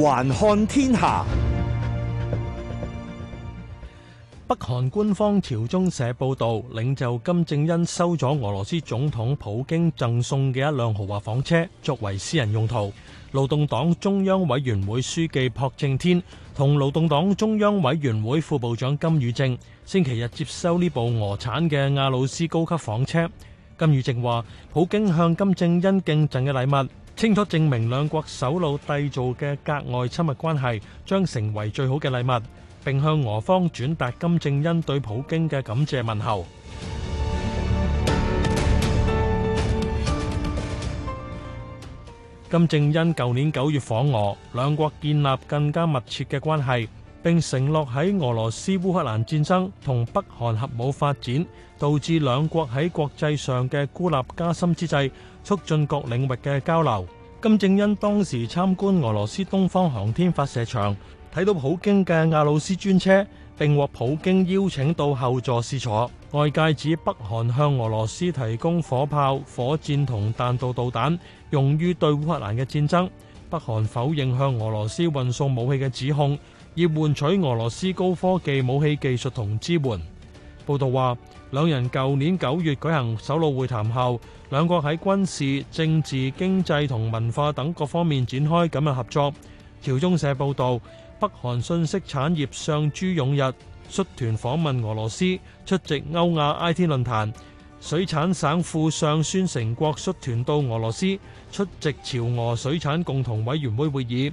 環看天下。北韓官方朝中社報道，領袖金正恩收咗俄羅斯總統普京贈送嘅一輛豪華房車，作為私人用途。勞動黨中央委員會書記朴正天同勞動黨中央委員會副部長金宇正星期日接收呢部俄產嘅亞魯斯高級房車。金宇正話，普京向金正恩敬贈嘅禮物。清楚證明兩國首腦締造嘅格外親密關係將成為最好嘅禮物，並向俄方轉達金正恩對普京嘅感謝問候。金正恩舊年九月訪俄，兩國建立更加密切嘅關係，並承諾喺俄羅斯烏克蘭戰爭同北韓核武發展，導致兩國喺國際上嘅孤立加深之際，促進各領域嘅交流。金正恩當時參觀俄羅斯東方航天發射場，睇到普京嘅亞魯斯專車，並獲普京邀請到後座試坐。外界指北韓向俄羅斯提供火炮、火箭同彈道導彈，用於對烏克蘭嘅戰爭。北韓否認向俄羅斯運送武器嘅指控。要換取俄羅斯高科技武器技術同支援。報道話，兩人舊年九月舉行首腦會談後，兩國喺軍事、政治、經濟同文化等各方面展開緊密合作。朝中社報道，北韓信息產業相朱勇日率團訪問俄羅斯，出席歐亞 IT 論壇。水產省副相孫成國率團到俄羅斯出席朝俄水產共同委員會會議。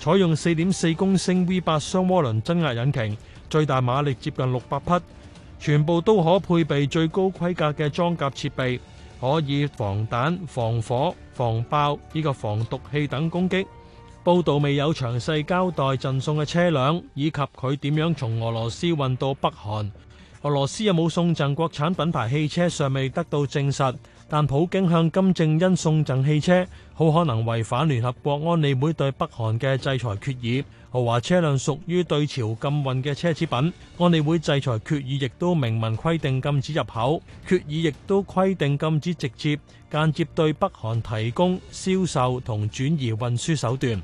採用四點四公升 V8 雙渦輪增壓引擎，最大馬力接近六百匹，全部都可配備最高規格嘅裝甲設備，可以防彈、防火、防爆、呢個防毒氣等攻擊。報道未有詳細交代贈送嘅車輛以及佢點樣從俄羅斯運到北韓，俄羅斯有冇送贈國產品牌汽車尚未得到證實。但普京向金正恩送贈汽車，好可能違反聯合國安理會對北韓嘅制裁決議。豪華車輛屬於對朝禁運嘅奢侈品，安理會制裁決議亦都明文規定禁止入口，決議亦都規定禁止直接、間接對北韓提供、銷售同轉移運輸手段。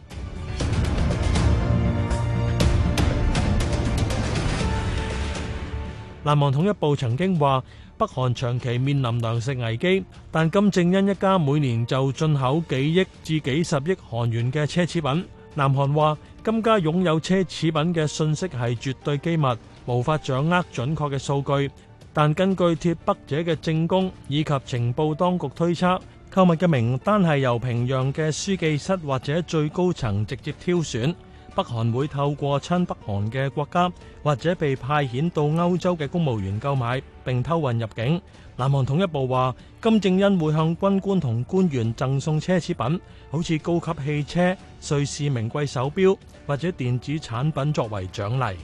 南韓統一部曾經話北韓長期面臨糧食危機，但金正恩一家每年就進口幾億至幾十億韓元嘅奢侈品。南韓話金家擁有奢侈品嘅訊息係絕對機密，無法掌握準確嘅數據。但根據脫北者嘅證供以及情報當局推測，購物嘅名單係由平壤嘅書記室或者最高層直接挑選。北韓會透過親北韓嘅國家，或者被派遣到歐洲嘅公務員購買，並偷運入境。南韓統一部話，金正恩會向軍官同官員贈送奢侈品，好似高級汽車、瑞士名貴手錶，或者電子產品作為獎勵。